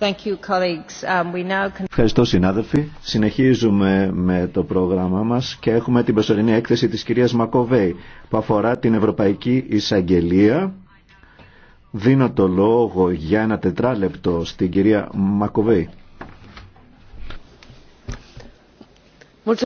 Um, Ευχαριστώ συνάδελφοι. Συνεχίζουμε με το πρόγραμμά μας και έχουμε την προσωρινή έκθεση της κυρίας Μακοβέη που αφορά την Ευρωπαϊκή Εισαγγελία. Δίνω το λόγο για ένα τετράλεπτο στην κυρία Μακοβέη.